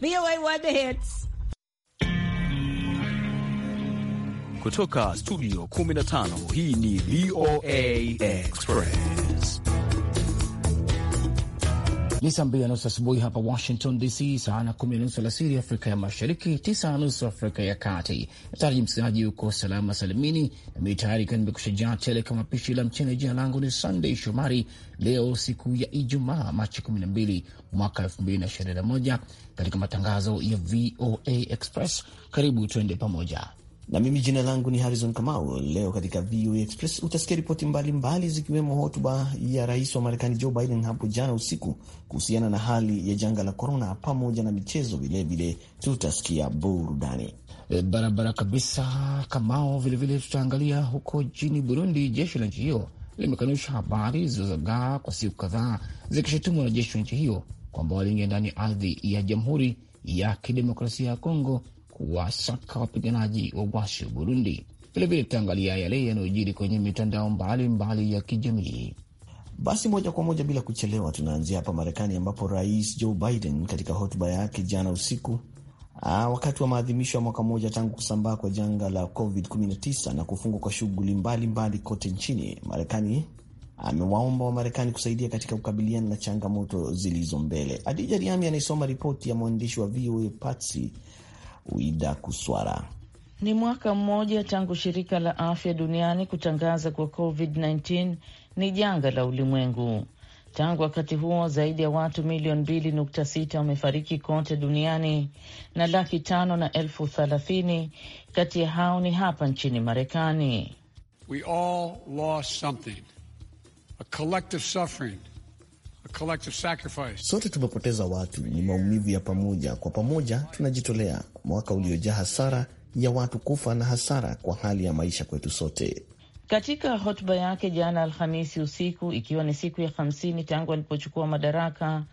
VOA One Hits kutoka studio 15. Hii ni VOA Express. Ni saa mbili na nusu asubuhi hapa Washington DC, saa na kumi na nusu alasiri Afrika ya Mashariki, tisa na nusu Afrika ya Kati. Nataraji msikilizaji uko salama salimini, nami tayari ikiwa nimekushajaa tele kama pishi la mchene Jina langu ni Sunday Shomari. Leo siku ya Ijumaa, Machi 12 mwaka 2021, katika matangazo ya VOA Express, karibu tuende pamoja na mimi jina langu ni Harrison Kamau. Leo katika VOA Express utasikia ripoti mbalimbali zikiwemo hotuba ya rais wa Marekani Joe Biden hapo jana usiku kuhusiana na hali ya janga la korona, pamoja na michezo vilevile, tutasikia burudani e, barabara kabisa Kamao. Vilevile tutaangalia huko nchini Burundi, jeshi la nchi hiyo limekanusha habari zilizozagaa kwa siku kadhaa zikishutumu wanajeshi wa nchi hiyo kwamba waliingia ndani ya ardhi ya Jamhuri ya Kidemokrasia ya Kongo kuwasaka wapiganaji wa washi wa Burundi. Vilevile tutaangalia yale yanayojiri kwenye mitandao mbalimbali ya kijamii. Basi moja kwa moja bila kuchelewa, tunaanzia hapa Marekani ambapo Rais Joe Biden katika hotuba yake jana usiku Aa, ah, wakati wa maadhimisho ya mwaka mmoja tangu kusambaa kwa janga la COVID-19 na kufungwa kwa shughuli mbalimbali kote nchini Marekani, amewaomba Wamarekani kusaidia katika kukabiliana na changamoto zilizo mbele. Adija Riami anaisoma ripoti ya mwandishi wa VOA Patsy Uida Kuswara. Ni mwaka mmoja tangu shirika la afya duniani kutangaza kuwa COVID-19 ni janga la ulimwengu. Tangu wakati huo zaidi ya watu milioni mbili nukta sita wamefariki kote duniani na laki tano na elfu thelathini kati ya hao ni hapa nchini Marekani. We all lost something. A collective suffering. Sote tumepoteza watu, ni maumivu ya pamoja. Kwa pamoja tunajitolea, mwaka uliojaa hasara ya watu kufa na hasara kwa hali ya maisha kwetu sote. Katika hotuba yake jana Alhamisi usiku, ikiwa ni siku ya hamsini tangu alipochukua madaraka,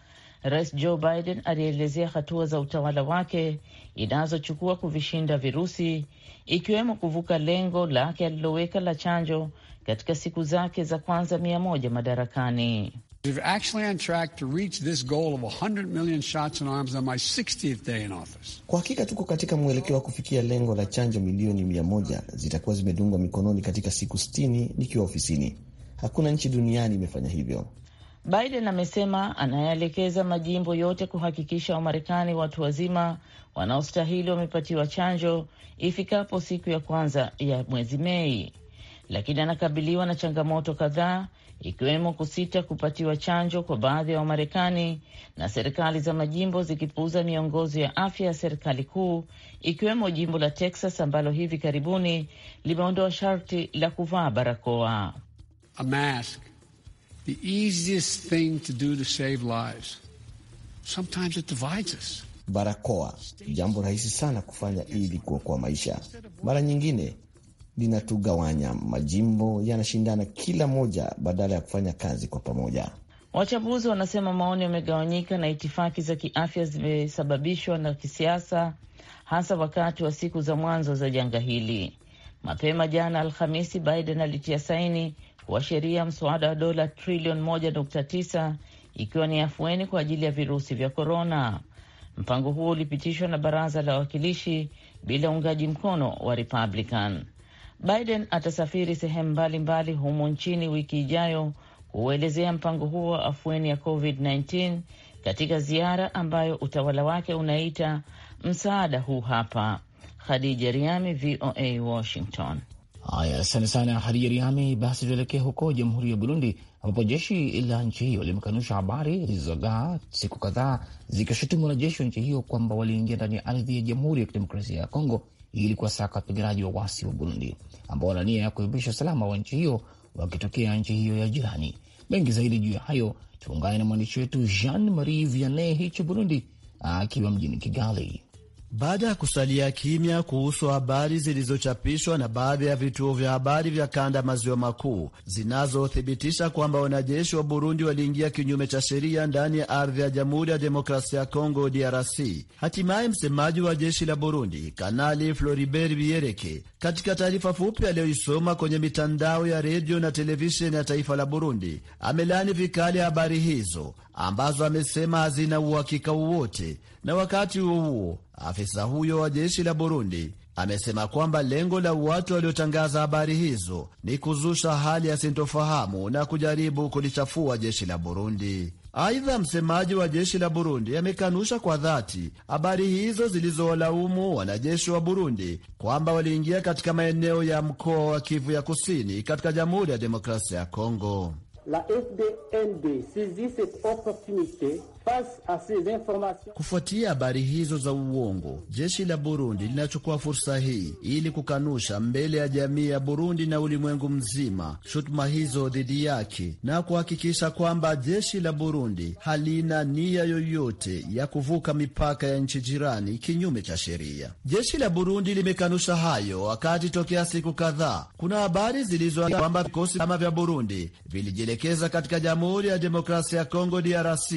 Rais Joe Biden alielezea hatua za utawala wake inazochukua kuvishinda virusi, ikiwemo kuvuka lengo lake aliloweka la chanjo katika siku zake za kwanza mia moja madarakani. We're actually on track to reach this goal of 100 million shots in arms on my 60th day in office. Kwa hakika tuko katika mwelekeo wa kufikia lengo la chanjo milioni 100 zitakuwa zimedungwa mikononi katika siku 60 nikiwa ofisini. Hakuna nchi duniani imefanya hivyo. Biden amesema anayeelekeza majimbo yote kuhakikisha Wamarekani watu wazima wanaostahili wamepatiwa chanjo ifikapo siku ya kwanza ya mwezi Mei lakini anakabiliwa na changamoto kadhaa ikiwemo kusita kupatiwa chanjo kwa baadhi ya wa Wamarekani na serikali za majimbo zikipuuza miongozo ya afya ya serikali kuu, ikiwemo jimbo la Texas ambalo hivi karibuni limeondoa sharti la kuvaa barakoa. A mask, the easiest thing to do to save lives. Sometimes it divides us. Barakoa, jambo rahisi sana kufanya ili kuokoa maisha, mara nyingine linatugawanya. Majimbo yanashindana kila moja badala ya kufanya kazi kwa pamoja. Wachambuzi wanasema maoni yamegawanyika na itifaki za kiafya zimesababishwa na kisiasa, hasa wakati wa siku za mwanzo za janga hili. Mapema jana Alhamisi, Biden alitia saini kuwa sheria mswada wa dola trilioni 1.9 ikiwa ni afueni kwa ajili ya virusi vya korona. Mpango huo ulipitishwa na baraza la wawakilishi bila uungaji mkono wa Republican. Biden atasafiri sehemu mbalimbali humo nchini wiki ijayo kuuelezea mpango huo wa afueni ya COVID-19 katika ziara ambayo utawala wake unaita msaada huu hapa. Khadija Riami, VOA, Washington. Haya, asante sana hadija Riami. Basi tuelekee huko Jamhuri ya Burundi, ambapo jeshi la nchi hiyo limekanusha habari zilizogaa siku kadhaa zikishutumu wanajeshi wa nchi hiyo kwamba waliingia ndani ya ardhi ya Jamhuri ya Kidemokrasia ya Kongo ili kuwasaka wapiganaji wa wasi wa Burundi ambao wana nia ya kuyumbisha usalama wa nchi hiyo wakitokea nchi hiyo ya jirani. Mengi zaidi juu ya hayo tuungane na mwandishi wetu Jean Marie Vianney hichi Burundi akiwa mjini Kigali. Baada ya kusalia kimya kuhusu habari zilizochapishwa na baadhi ya vituo vya habari vya kanda maziwa makuu zinazothibitisha kwamba wanajeshi wa Burundi waliingia kinyume cha sheria ndani ya ardhi ya Jamhuri ya Demokrasia ya Kongo, DRC, hatimaye msemaji wa jeshi la Burundi Kanali Floribert biereke katika taarifa fupi aliyoisoma kwenye mitandao ya redio na televisheni ya taifa la Burundi, amelani vikali habari hizo ambazo amesema hazina uhakika wowote, na wakati huo huo Afisa huyo wa jeshi la Burundi amesema kwamba lengo la watu waliotangaza habari hizo ni kuzusha hali ya sintofahamu na kujaribu kulichafua jeshi la Burundi. Aidha, msemaji wa jeshi la Burundi amekanusha kwa dhati habari hizo zilizowalaumu wanajeshi wa Burundi kwamba waliingia katika maeneo ya mkoa wa Kivu ya Kusini katika Jamhuri ya Demokrasia ya Kongo. La saisit cette opportunite Kufuatia habari hizo za uongo, jeshi la Burundi linachukua fursa hii ili kukanusha mbele ya jamii ya Burundi na ulimwengu mzima shutuma hizo dhidi yake na kuhakikisha kwamba jeshi la Burundi halina nia yoyote ya kuvuka mipaka ya nchi jirani kinyume cha sheria. Jeshi la Burundi limekanusha hayo, wakati tokea siku kadhaa kuna habari zilizo kwamba vikosi kama vya Burundi vilijielekeza katika Jamhuri ya Demokrasia ya Kongo DRC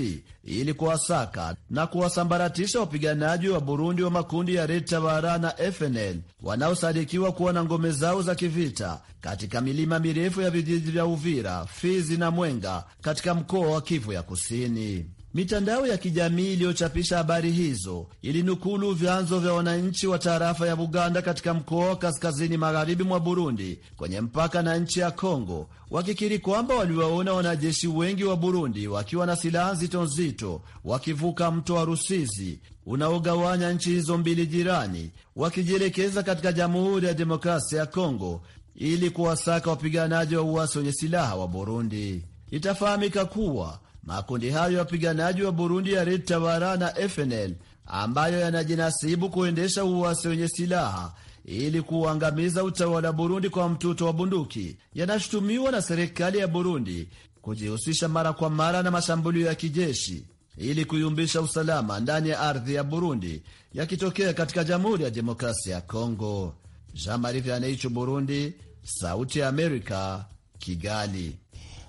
ili kuwasaka na kuwasambaratisha wapiganaji wa Burundi wa makundi ya Retabara na FNL wanaosadikiwa kuwa na ngome zao za kivita katika milima mirefu ya vijiji vya Uvira, Fizi na Mwenga katika mkoa wa Kivu ya Kusini. Mitandao ya kijamii iliyochapisha habari hizo ilinukulu vyanzo vya wananchi wa tarafa ya Buganda katika mkoa wa kaskazini magharibi mwa Burundi kwenye mpaka na nchi ya Kongo wakikiri kwamba waliwaona wanajeshi wengi wa Burundi wakiwa na silaha nzito nzito wakivuka mto wa Rusizi unaogawanya nchi hizo mbili jirani wakijielekeza katika Jamhuri ya Demokrasia ya Kongo ili kuwasaka wapiganaji wa uasi wenye silaha wa Burundi. Itafahamika kuwa Makundi hayo ya wapiganaji wa Burundi ya Red Tabara na FNL ambayo yanajinasibu kuendesha uasi wenye silaha ili kuuangamiza utawala wa Burundi kwa mtuto wa bunduki yanashutumiwa na serikali ya Burundi kujihusisha mara kwa mara na mashambulio ya kijeshi ili kuyumbisha usalama ndani ya ardhi ya Burundi yakitokea katika Jamhuri ya Demokrasia ya Kongo. Jean Marie Vianney, Burundi, Sauti ya Amerika, Kigali.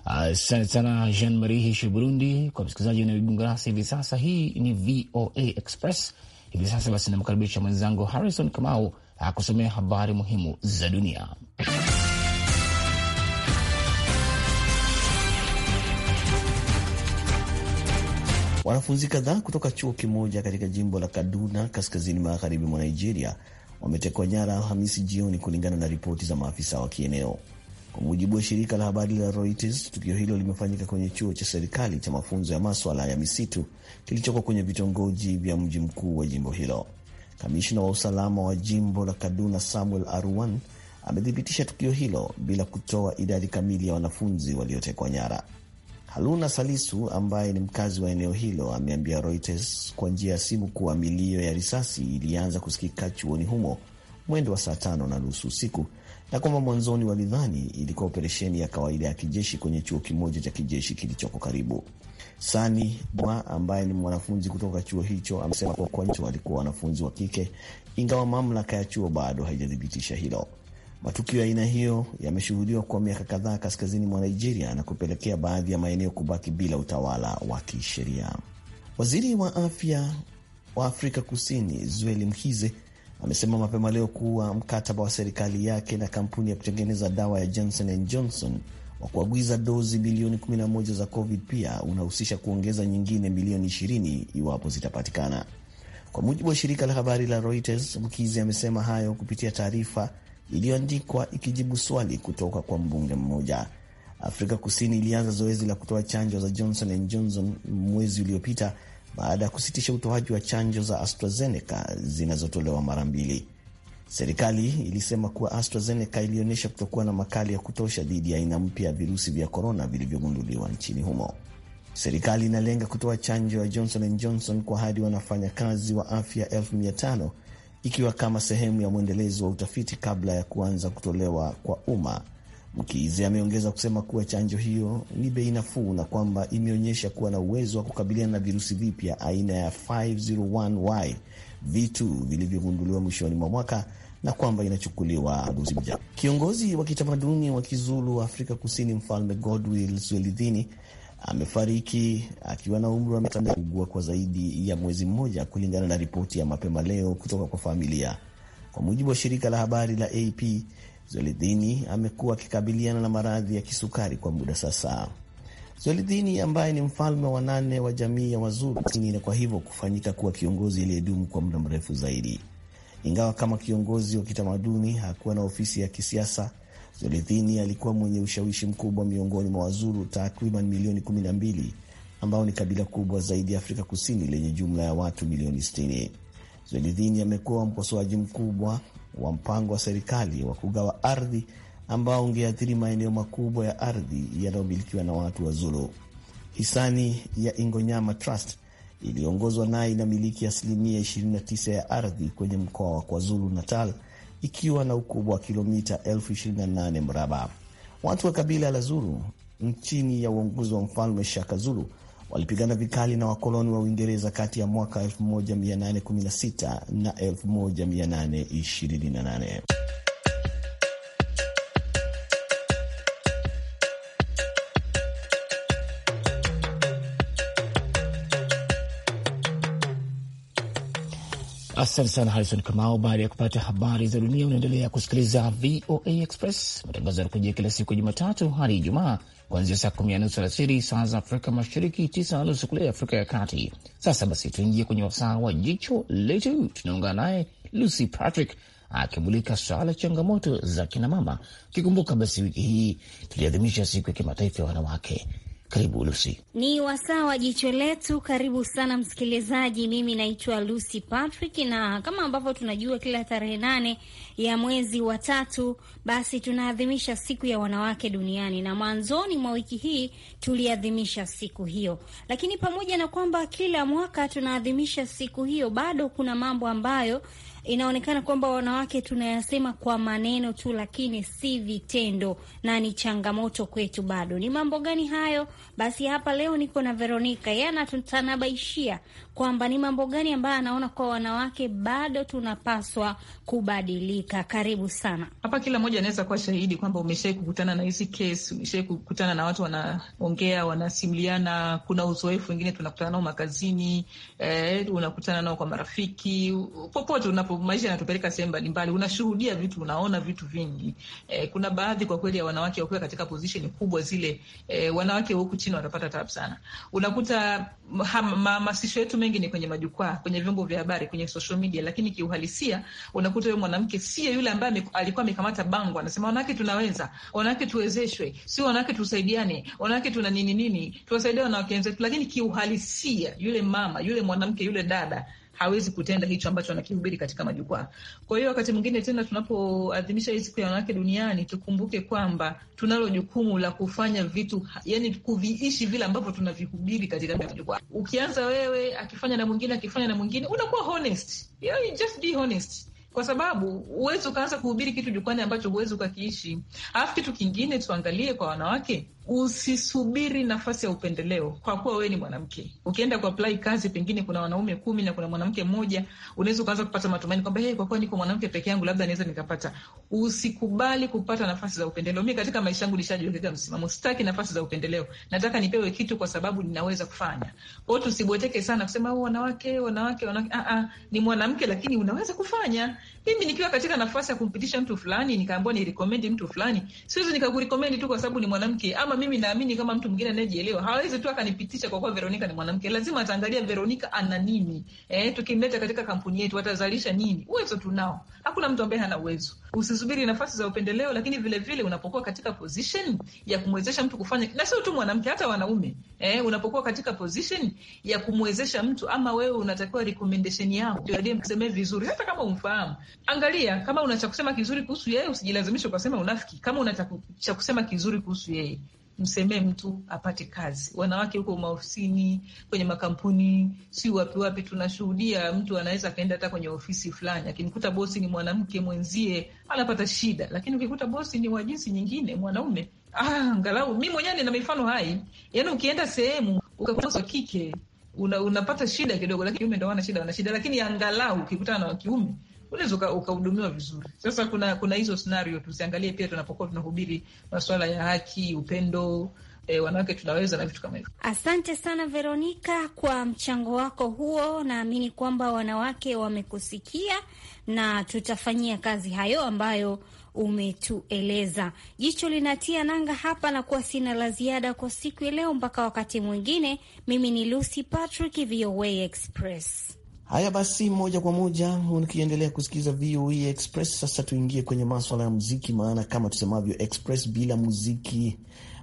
Asante sana Jean Marie Hishi, Burundi. Kwa msikilizaji unaojiunga nasi hivi sasa, hii ni VOA Express hivi sasa. Basi namkaribisha mwenzangu Harrison Kamau akusomea habari muhimu za dunia. Wanafunzi kadhaa kutoka chuo kimoja katika jimbo la Kaduna kaskazini magharibi mwa Nigeria wametekwa nyara Alhamisi jioni kulingana na ripoti za maafisa wa kieneo. Kwa mujibu wa shirika la habari la Reuters, tukio hilo limefanyika kwenye chuo cha serikali cha mafunzo ya maswala ya misitu kilichoko kwenye vitongoji vya mji mkuu wa jimbo hilo. Kamishna wa usalama wa jimbo la Kaduna, Samuel Arwan, amethibitisha tukio hilo bila kutoa idadi kamili ya wanafunzi waliotekwa nyara. haluna Salisu ambaye ni mkazi wa eneo hilo ameambia Reuters kwa njia ya simu kuwa milio ya risasi ilianza kusikika chuoni humo mwendo wa saa tano na nusu usiku na kwamba mwanzoni walidhani ilikuwa operesheni ya kawaida ya kijeshi kwenye chuo kimoja cha kijeshi kilichoko karibu. Sani Bwa ambaye ni mwanafunzi kutoka chuo hicho amesema kuwa kwa walikuwa wanafunzi wa kike, ingawa mamlaka ya chuo bado haijathibitisha hilo. Matukio ya aina hiyo yameshuhudiwa kwa miaka kadhaa kaskazini mwa Nigeria na kupelekea baadhi ya maeneo kubaki bila utawala wa kisheria. Waziri wa afya wa Afrika Kusini Zweli Mkhize amesema mapema leo kuwa mkataba wa serikali yake na kampuni ya kutengeneza dawa ya Johnson and Johnson wa kuagwiza dozi bilioni 11 za COVID pia unahusisha kuongeza nyingine milioni 20 iwapo zitapatikana, kwa mujibu wa shirika la habari la Reuters. Mkizi amesema hayo kupitia taarifa iliyoandikwa ikijibu swali kutoka kwa mbunge mmoja. Afrika Kusini ilianza zoezi la kutoa chanjo za Johnson and Johnson mwezi uliopita baada ya kusitisha utoaji wa chanjo za AstraZeneca zinazotolewa mara mbili. Serikali ilisema kuwa AstraZeneca ilionyesha kutokuwa na makali ya kutosha dhidi ya aina mpya ya virusi vya korona vilivyogunduliwa nchini humo. Serikali inalenga kutoa chanjo ya Johnson and Johnson kwa hadi wanafanyakazi wa afya elfu mia tano ikiwa kama sehemu ya mwendelezo wa utafiti kabla ya kuanza kutolewa kwa umma Mkize ameongeza kusema kuwa chanjo hiyo ni bei nafuu na kwamba imeonyesha kuwa na uwezo wa kukabiliana na virusi vipya aina ya 501Y V2 vilivyogunduliwa mwishoni mwa mwaka na kwamba inachukuliwa dozi moja. Kiongozi wa kitamaduni wa Kizulu wa Afrika Kusini, Mfalme Godwill Zwelithini amefariki akiwa na umri wa miaka ugua kwa zaidi ya mwezi mmoja, kulingana na ripoti ya mapema leo kutoka kwa familia. Kwa mujibu wa shirika la habari la AP, Zolidhini amekuwa akikabiliana na maradhi ya kisukari kwa muda sasa. Zolidhini ambaye ni mfalme wa nane wa jamii ya Wazuru na kwa hivyo kufanyika kuwa kiongozi aliyedumu kwa muda mrefu zaidi. Ingawa kama kiongozi wa kitamaduni hakuwa na ofisi ya kisiasa, Zolidhini alikuwa mwenye ushawishi mkubwa miongoni mwa wazuru takriban milioni 12 ambao ni kabila kubwa zaidi ya Afrika Kusini lenye jumla ya watu milioni 60. Zelidhini amekuwa mkosoaji mkubwa wa mpango wa serikali wa kugawa ardhi ambao ungeathiri maeneo makubwa ya ardhi yanayomilikiwa na watu wa Zulu. Hisani ya Ingonyama Trust iliyoongozwa naye inamiliki asilimia 29 ya ardhi kwenye mkoa wa KwaZulu Natal, ikiwa na ukubwa wa kilomita 28 mraba. Watu wa kabila la Zulu nchini ya uongozi wa Mfalme Shaka Zulu walipigana vikali na wakoloni wa Uingereza kati ya mwaka 1816 na 1828. Asante sana Harison Kamau. Baada ya kupata habari za dunia, unaendelea kusikiliza VOA Express, matangazo yanakujia kila siku ya Jumatatu hadi Ijumaa, kuanzia saa kumi na nusu alasiri saa za Afrika Mashariki, tisa na nusu kule Afrika ya Kati. Sasa basi, tuingie kwenye wasaa wa jicho letu. Tunaungana naye Lucy Patrick akimulika swala la changamoto za kinamama. Ukikumbuka basi, wiki hii tuliadhimisha siku ya kimataifa ya wanawake karibu Lucy. Ni wasaa wa jicho letu. Karibu sana msikilizaji, mimi naitwa Lucy Patrick, na kama ambavyo tunajua kila tarehe nane ya mwezi wa tatu, basi tunaadhimisha siku ya wanawake duniani, na mwanzoni mwa wiki hii tuliadhimisha siku hiyo. Lakini pamoja na kwamba kila mwaka tunaadhimisha siku hiyo, bado kuna mambo ambayo inaonekana kwamba wanawake tunayasema kwa maneno tu, lakini si vitendo, na ni changamoto kwetu bado. Ni mambo gani hayo? Basi hapa leo niko na Veronika, yeye anatutanabaishia kwamba ni mambo gani ambayo anaona kwa wanawake bado tunapaswa kubadilika. Karibu sana hapa. Kila mmoja anaweza kuwa shahidi kwamba umeshai kukutana na hizi kesi, umeshai kukutana na watu wanaongea, wanasimuliana. Kuna uzoefu wengine tunakutana nao makazini, eh, unakutana nao kwa marafiki, popote unapo. Maisha yanatupeleka sehemu mbalimbali, unashuhudia vitu, unaona vitu vingi. Eh, kuna baadhi kwa kweli ya wanawake wakiwa katika position kubwa zile, eh, wanawake huku chini watapata tabu sana. Unakuta hamasisho yetu mengi ni kwenye majukwaa, kwenye vyombo vya habari, kwenye social media, lakini kiuhalisia unakuta huyo mwanamke siye yule ambaye alikuwa amekamata bango anasema wanawake tunaweza, wanawake tuwezeshwe, sio wanawake tusaidiane, wanawake tuna nini nini, tuwasaidie wanawake wenzetu. Lakini kiuhalisia yule mama, yule mwanamke, yule dada hawezi kutenda hicho ambacho anakihubiri katika majukwaa. Kwa hiyo wakati mwingine tena tunapoadhimisha hii siku ya wanawake duniani, tukumbuke kwamba tunalo jukumu la kufanya vitu, yani kuviishi vile ambavyo tunavihubiri katika majukwaa. Ukianza wewe, akifanya na mwingine, akifanya na mwingine, unakuwa honest. Yeah, just be honest kwa sababu huwezi ukaanza kuhubiri kitu jukwani ambacho huwezi ukakiishi. Alafu kitu kingine tuangalie kwa wanawake usisubiri nafasi ya upendeleo kwa kuwa wewe ni mwanamke. Ukienda kuapply kazi, pengine kuna wanaume kumi na kuna mwanamke mmoja, unaweza ukaanza kupata matumaini kwamba hey, kwa kuwa niko mwanamke peke yangu, labda naweza nikapata. Usikubali kupata nafasi za upendeleo. Mi katika maisha yangu nishajiwekea msimamo, sitaki nafasi za upendeleo, nataka nipewe kitu kwa sababu ninaweza kufanya. Kwa tusibweteke sana kusema oh, wanawake wanawake wanawake. Ah, ah, ni mwanamke lakini unaweza kufanya. Mimi nikiwa katika nafasi ya kumpitisha mtu fulani, nikaambiwa ni mtu fulani, siwezi nikakurecommend tu kwa sababu ni mwanamke ama mimi naamini kama mtu mwingine anayejielewa hawezi tu akanipitisha kwa kuwa Veronica ni mwanamke. Lazima ataangalia Veronica ana nini, eh, tukimleta katika kampuni yetu atazalisha nini? Uwezo tunao, hakuna mtu ambaye hana uwezo. Usisubiri nafasi za upendeleo, lakini vile vile unapokuwa katika position ya kumwezesha mtu kufanya, na sio tu mwanamke, hata wanaume eh, unapokuwa katika position ya kumwezesha mtu, ama wewe unatakiwa recommendation yako ndio mseme vizuri, hata kama umfahamu. Angalia kama una cha kusema kizuri kuhusu yeye, usijilazimishe ukasema unafiki. Kama una cha kusema kizuri kuhusu yeye msemee mtu apate kazi. Wanawake huko maofisini, kwenye makampuni, si wapi wapi, tunashuhudia mtu anaweza akaenda hata kwenye ofisi fulani, akimkuta bosi ni mwanamke mwenzie anapata shida, lakini ukikuta bosi ni wa jinsi nyingine, mwanaume, ah, angalau mi mwenyewe nina mifano hai. Yaani ukienda sehemu ukakuta kike una, unapata shida kidogo, lakini kiume ndo wana shida, wana shida, lakini angalau ukikutana na wakiume unaweza ukahudumiwa vizuri. Sasa kuna kuna hizo scenario tusiangalie pia tunapokuwa tunahubiri masuala ya haki, upendo E, wanawake tunaweza na vitu kama hivyo. Asante sana Veronika kwa mchango wako huo. Naamini kwamba wanawake wamekusikia na tutafanyia kazi hayo ambayo umetueleza. Jicho linatia nanga hapa na kuwa sina la ziada kwa siku ya leo, mpaka wakati mwingine. Mimi ni Lucy Patrick, VOA Express. Haya basi, moja kwa moja ukiendelea kusikiliza VOA e Express. Sasa tuingie kwenye maswala ya muziki, maana kama tusemavyo Express, bila muziki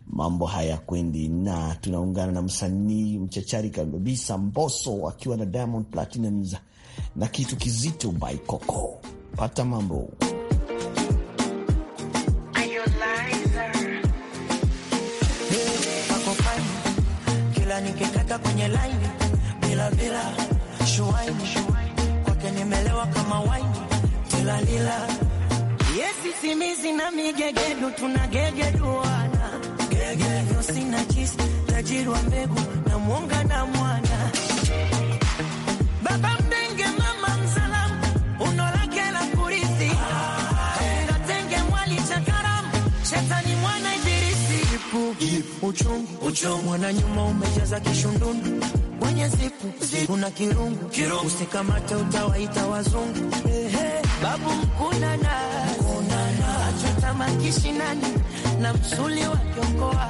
mambo haya kwendi, na tunaungana na msanii mchachari kabisa mboso akiwa na Diamond Platinumz na kitu kizito by Coco. Pata mambo kila nikikata kwenye line bila bila shuwaini kwake nimelewa kama waini tilalila yesi simizi na migegedu tunagegeduana gege na chisi tajiri wa mbegu na mwonga na mwana baba mdenge mama msalamu uno la kurithi atenge mwali cha shetani mwana idirisi uchumi mwana nyuma umejaza kishundunu kwenye zipu zipu na kirungu, kirungu. Usikamata utawaita wazungu hey. Babu mkuna na achotamakishi nani na msuli wa kiongoa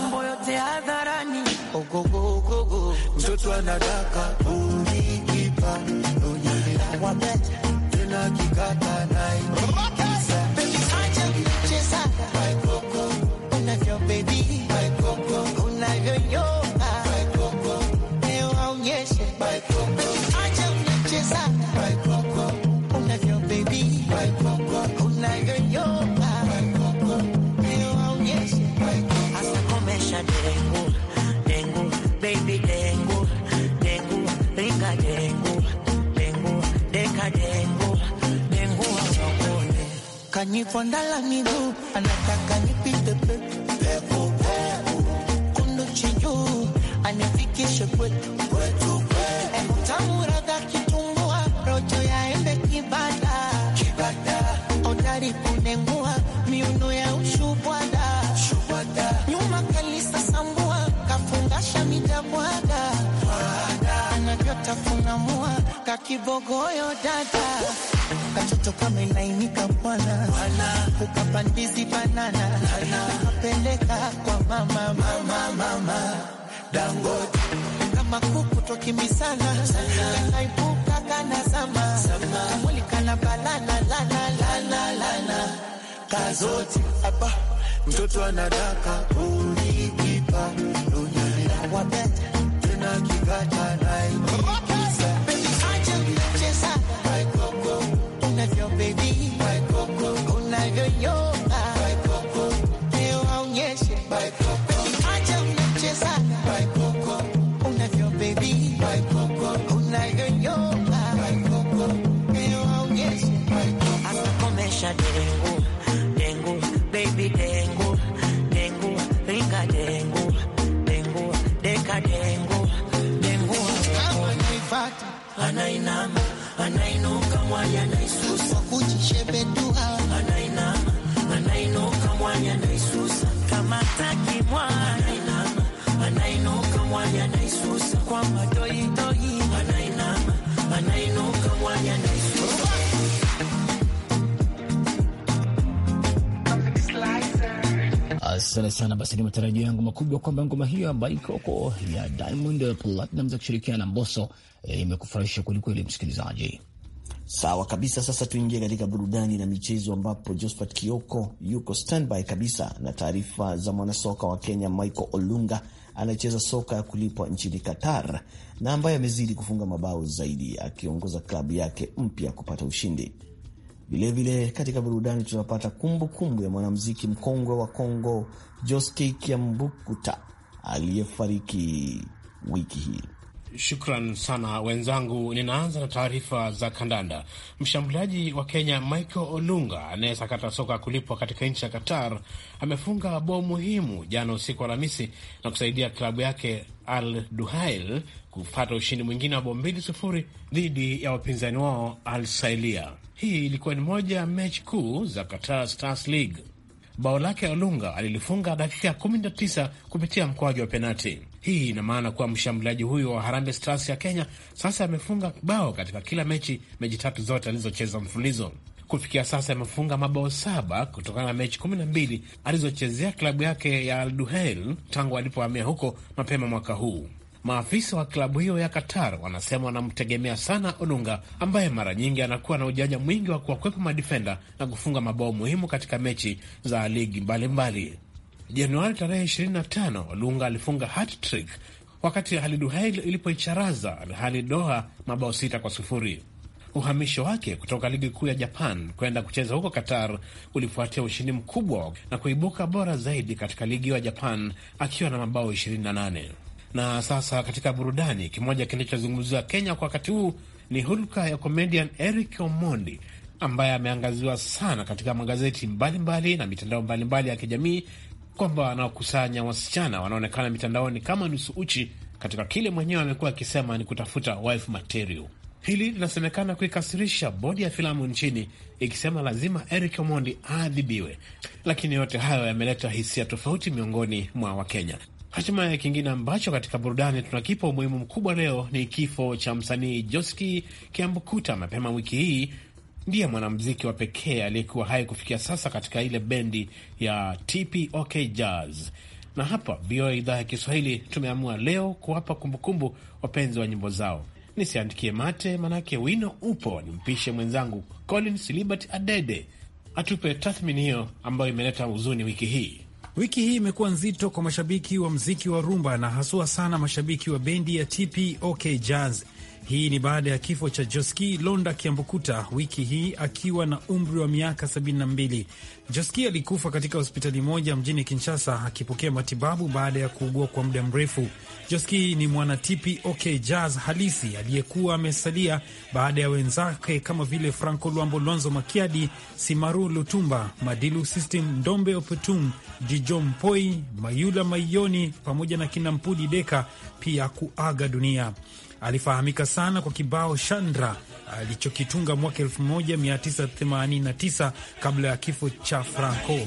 mambo yote hadharani ogogogogo mtoto anadaka uliipa tena kikata nai kanipondala miguu anataka nipite pepe kundu chijuu anifikishe kwetu kwetu Kibogoyo dada kachoto kama inainika bwana, ukapandizi banana ukapeleka kwa mama mama mama Dangote kama kuku twakimbisana, kanaibuka kanazama, kamwili kanabalana lana kazoti aba mtoto anadaka ulikipa dunia wabeta tena kikata Asante sana. Basi ni matarajio yangu makubwa kwamba ngoma hiyo ambayo ikoko ya Diamond Platinum za kushirikiana na mboso e, imekufurahisha kwelikweli, msikilizaji. Sawa kabisa. Sasa tuingie katika burudani na michezo, ambapo Josphat Kioko yuko standby kabisa na taarifa za mwanasoka wa Kenya Michael Olunga anayecheza soka ya kulipwa nchini Qatar na ambaye amezidi kufunga mabao zaidi akiongoza klabu yake mpya kupata ushindi. Vilevile katika burudani tunapata kumbukumbu ya mwanamuziki mkongwe wa Kongo Joske Kiambukuta aliyefariki wiki hii. Shukran sana wenzangu. Ninaanza na taarifa za kandanda. Mshambuliaji wa Kenya Michael Olunga anayesakata soka kulipwa katika nchi ya Qatar amefunga bao muhimu jana usiku wa Alhamisi na kusaidia klabu yake Al Duhail kupata ushindi mwingine wa bao mbili sufuri dhidi ya wapinzani wao Al Sailia. Hii ilikuwa ni moja ya mechi kuu za Qatar Stars League. Bao lake Olunga alilifunga dakika ya 19 kupitia mkwaju wa penati. Hii ina maana kuwa mshambuliaji huyo wa Harambee Stars ya Kenya sasa amefunga bao katika kila mechi, mechi tatu zote alizocheza mfululizo. Kufikia sasa amefunga mabao saba kutokana na mechi 12 alizochezea klabu yake ya Al Duhail tangu alipohamia huko mapema mwaka huu. Maafisa wa klabu hiyo ya Qatar wanasema wanamtegemea sana Olunga, ambaye mara nyingi anakuwa na ujanja mwingi wa kuwakwepa madifenda na kufunga mabao muhimu katika mechi za ligi mbalimbali. Januari tarehe 25 Olunga alifunga hat-trick wakati Haliduhail ilipoicharaza Alhali Doha mabao sita kwa sufuri. Uhamisho wake kutoka ligi kuu ya Japan kwenda kucheza huko Qatar ulifuatia ushindi mkubwa na kuibuka bora zaidi katika ligi ya Japan akiwa na mabao 28. Na sasa katika burudani, kimoja kinachozungumziwa Kenya kwa wakati huu ni hulka ya comedian Eric Omondi ambaye ameangaziwa sana katika magazeti mbalimbali mbali na mitandao mbalimbali mbali ya kijamii kwamba wanaokusanya wasichana wanaonekana mitandaoni kama nusu uchi katika kile mwenyewe amekuwa akisema ni kutafuta wife material. Hili linasemekana kuikasirisha bodi ya filamu nchini ikisema lazima Eric Omondi aadhibiwe, lakini yote hayo yameleta hisia tofauti miongoni mwa Wakenya. Hatimaye, kingine ambacho katika burudani tunakipa umuhimu mkubwa leo ni kifo cha msanii joski Kiambukuta. Mapema wiki hii ndiye mwanamuziki wa pekee aliyekuwa hai kufikia sasa katika ile bendi ya TPOK Jazz na hapa VOA idhaa ya Kiswahili tumeamua leo kuwapa kumbukumbu wapenzi wa nyimbo zao. Nisiandikie mate, manake wino upo. Nimpishe mwenzangu Collins Libert Adede atupe tathmini hiyo ambayo imeleta huzuni wiki hii. Wiki hii imekuwa nzito kwa mashabiki wa mziki wa rumba na haswa sana mashabiki wa bendi ya TPOK Jazz hii ni baada ya kifo cha Joski Londa Kiambukuta wiki hii akiwa na umri wa miaka 72. Joski alikufa katika hospitali moja mjini Kinshasa akipokea matibabu baada ya kuugua kwa muda mrefu. Joski ni mwana tipi OK Jazz halisi aliyekuwa amesalia baada ya wenzake kama vile Franco Luambo lonzo Makiadi, Simaru Lutumba, Madilu System, Ndombe Opetum, Jijo Mpoi, Mayula Maioni pamoja na Kinampudi Deka pia kuaga dunia alifahamika sana kwa kibao shandra alichokitunga mwaka 1989 kabla ya kifo cha Franco.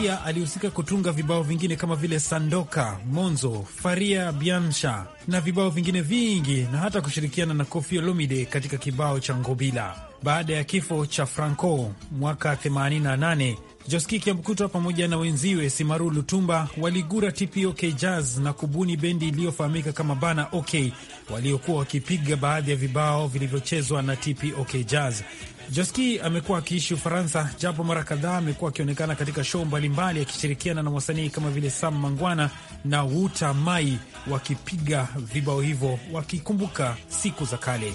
Pia alihusika kutunga vibao vingine kama vile Sandoka, Monzo, Faria Biansha na vibao vingine vingi na hata kushirikiana na Koffi Olomide katika kibao cha Ngobila baada ya kifo cha Franco mwaka 88. Joski Kiambukuta pamoja na wenziwe Simaru Lutumba waligura TPOK Jazz na kubuni bendi iliyofahamika kama Bana OK, waliokuwa wakipiga baadhi ya vibao vilivyochezwa na TPOK Jazz. Joski amekuwa akiishi Ufaransa, japo mara kadhaa amekuwa akionekana katika show mbalimbali akishirikiana na wasanii kama vile Sam Mangwana na Wuta Mai wakipiga vibao hivyo wakikumbuka siku za kale.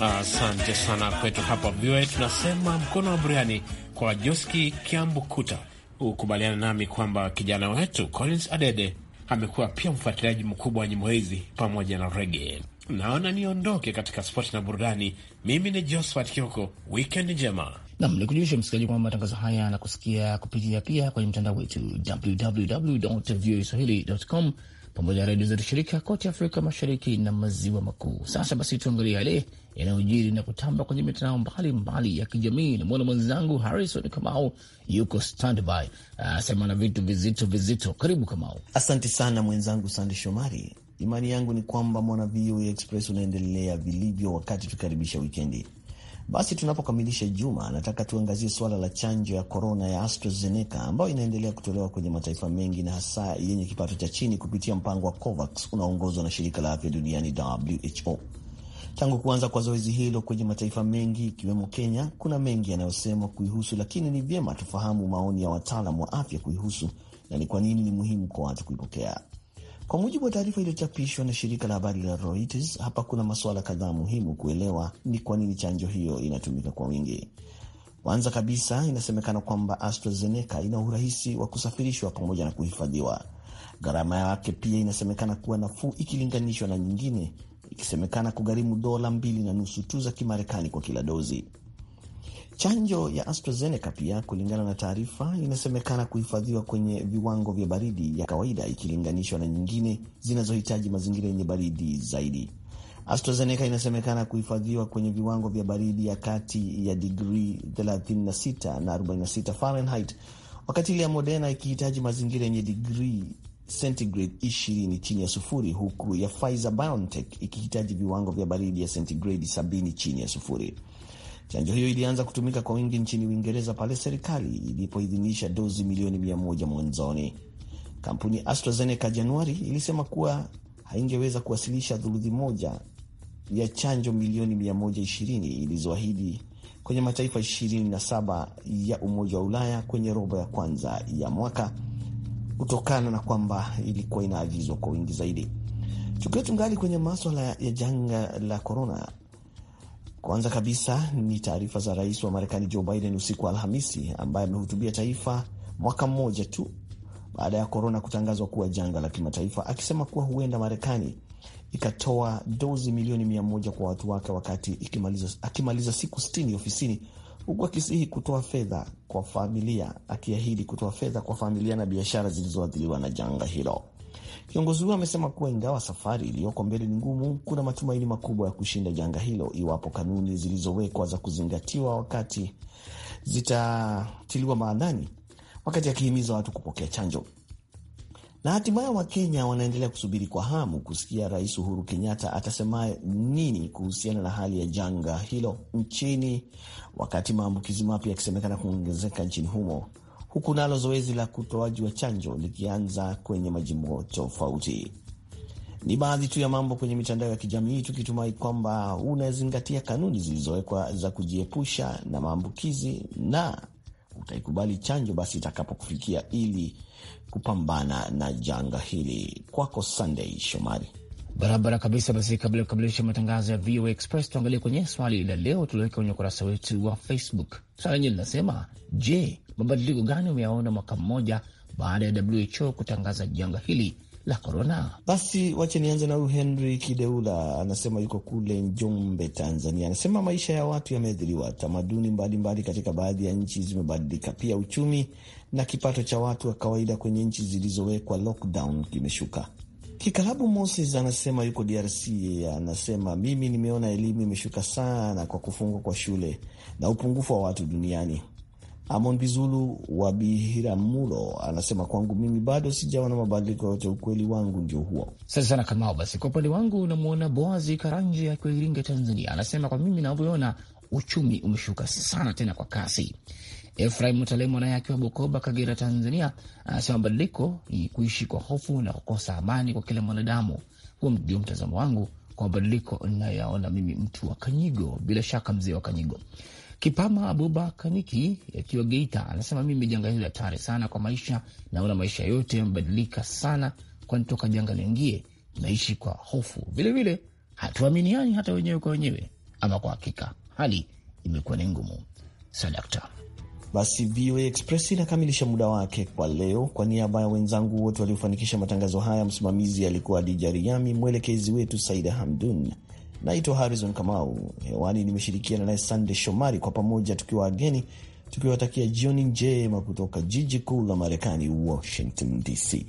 Asante uh, sana kwetu hapa VOA. Tunasema mkono wa buriani kwa Joski Kiambukuta. Hukubaliana nami kwamba kijana wetu Collins Adede amekuwa pia mfuatiliaji mkubwa wa nyimbo hizi pamoja na rege. Naona niondoke katika spoti na burudani. Mimi ni Josphat Kioko, wikendi njema. Nam ni kujulisha msikilizaji kwamba matangazo haya yanakusikia kupitia pia kwenye mtandao wetu www voa swahilicom, pamoja na redio zetu shirika kote Afrika Mashariki na Maziwa Makuu. Sasa basi, tuangalie yale yanayojiri na kutamba kwenye mitandao mbalimbali ya kijamii. Namwona mwenzangu Harrison Kamau yuko standby, asema na vitu vizito vizito. Karibu Kamau. Asante sana mwenzangu Sande Shomari. Imani yangu ni kwamba mwana VOA Express unaendelea vilivyo, wakati tukikaribisha wikendi. Basi tunapokamilisha juma, nataka tuangazie suala la chanjo ya korona ya AstraZeneca ambayo inaendelea kutolewa kwenye mataifa mengi na hasa yenye kipato cha chini kupitia mpango wa COVAX unaoongozwa na shirika la afya duniani WHO. Tangu kuanza kwa zoezi hilo kwenye mataifa mengi ikiwemo Kenya, kuna mengi yanayosemwa kuihusu, lakini ni vyema tufahamu maoni ya wataalam wa afya kuihusu na ni kwa nini ni muhimu kwa watu kuipokea. Kwa mujibu wa taarifa iliyochapishwa na shirika la habari la Reuters, hapa kuna masuala kadhaa muhimu kuelewa ni kwa nini chanjo hiyo inatumika kwa wingi. Kwanza kabisa, inasemekana kwamba AstraZeneca ina urahisi wa kusafirishwa pamoja na kuhifadhiwa. Gharama yake pia inasemekana kuwa nafuu ikilinganishwa na nyingine ikisemekana kugharimu dola mbili na nusu tu za Kimarekani kwa kila dozi. Chanjo ya AstraZeneca pia, kulingana na taarifa, inasemekana kuhifadhiwa kwenye viwango vya baridi ya kawaida ikilinganishwa na nyingine zinazohitaji mazingira yenye baridi zaidi. AstraZeneca inasemekana kuhifadhiwa kwenye viwango vya baridi ya kati ya digrii 36 na 46 Fahrenheit, wakati ile ya Moderna ikihitaji mazingira yenye digrii sentigrade 20 chini ya sufuri, huku ya Pfizer BioNTech ikihitaji viwango vya baridi ya sentigrade 70 chini ya sufuri. Chanjo hiyo ilianza kutumika kwa wingi nchini Uingereza pale serikali ilipoidhinisha dozi milioni 100 mwanzoni. Kampuni AstraZeneca Januari ilisema kuwa haingeweza kuwasilisha thuluthi moja ya chanjo milioni 120 ilizoahidi kwenye mataifa 27 ya Umoja wa Ulaya kwenye robo ya kwanza ya mwaka kutokana na kwamba ilikuwa inaagizwa kwa wingi zaidi. Tukiwa tungali kwenye maswala ya janga la korona, kwanza kabisa ni taarifa za rais wa Marekani Joe Biden usiku wa Alhamisi, ambaye amehutubia taifa mwaka mmoja tu baada ya korona kutangazwa kuwa janga la kimataifa, akisema kuwa huenda Marekani ikatoa dozi milioni mia moja kwa watu wake wakati ikimaliza, akimaliza siku sitini ofisini huku akisihi kutoa fedha kwa familia, akiahidi kutoa fedha kwa familia na biashara zilizoathiriwa na janga hilo. Kiongozi huyo amesema kuwa ingawa safari iliyoko mbele ni ngumu, kuna matumaini makubwa ya kushinda janga hilo iwapo kanuni zilizowekwa za kuzingatiwa wakati zitatiliwa maanani, wakati akihimiza watu kupokea chanjo. Na hatimaye Wakenya wanaendelea kusubiri kwa hamu kusikia Rais Uhuru Kenyatta atasema nini kuhusiana na hali ya janga hilo nchini, wakati maambukizi mapya yakisemekana kuongezeka nchini humo, huku nalo zoezi la kutoaji wa chanjo likianza kwenye majimbo tofauti. Ni baadhi tu ya mambo kwenye mitandao ya kijamii, tukitumai kwamba unazingatia kanuni zilizowekwa za kujiepusha na maambukizi na utaikubali chanjo basi itakapokufikia ili kupambana na janga hili. Kwako Sunday Shomari. Barabara kabisa. Basi, kabla ya kukamilisha matangazo ya VOA Express, tuangalie kwenye swali la leo tulioweka kwenye ukurasa wetu wa Facebook. Swali lenyewe linasema, je, mabadiliko gani umeyaona mwaka mmoja baada ya WHO kutangaza janga hili la korona. Basi wache nianze na huyu Henry Kideula, anasema yuko kule Njombe, Tanzania. Anasema maisha ya watu yameathiriwa, tamaduni mbalimbali katika baadhi ya nchi zimebadilika, pia uchumi na kipato cha watu wa kawaida kwenye nchi zilizowekwa lockdown kimeshuka. Kikalabu Moses anasema yuko DRC, anasema mimi nimeona elimu imeshuka sana kwa kufungwa kwa shule na upungufu wa watu duniani. Amon Bizulu wa Bihiramulo anasema kwangu mimi bado sijawa na mabadiliko yote, ukweli wangu ndio huo. Sasa sana Kamao. Basi kwa upande wangu namwona Boazi Karanje akiwa Iringa, Tanzania, anasema kwa mimi navyoona uchumi umeshuka sana tena kwa kasi. Efraim Mtalemo naye akiwa Bukoba, Kagera, Tanzania, anasema mabadiliko ni kuishi kwa hofu na kukosa amani kwa kila mwanadamu. Huo ndio mtazamo wangu kwa mabadiliko ninayoyaona mimi, mtu wa Kanyigo, bila shaka mzee wa Kanyigo. Kipama kaniki akiwa Geita anasema mimi, janga hili hatari sana kwa maisha, naona maisha yote yamebadilika sana, kwani toka janga liingie naishi kwa hofu, vilevile hatuaminiani hata wenyewe kwa wenyewe. Ama kwa hakika hali imekuwa ni ngumu. Sadakta. Basi VOA Express inakamilisha muda wake kwa leo. Kwa niaba ya wenzangu wote waliofanikisha matangazo haya, msimamizi alikuwa Adija Riami, mwelekezi wetu Saida Hamdun. Naitwa Harrison Kamau, hewani nimeshirikiana naye Sande Shomari, kwa pamoja tukiwa wageni tukiwatakia jioni njema kutoka jiji kuu la Marekani, Washington DC.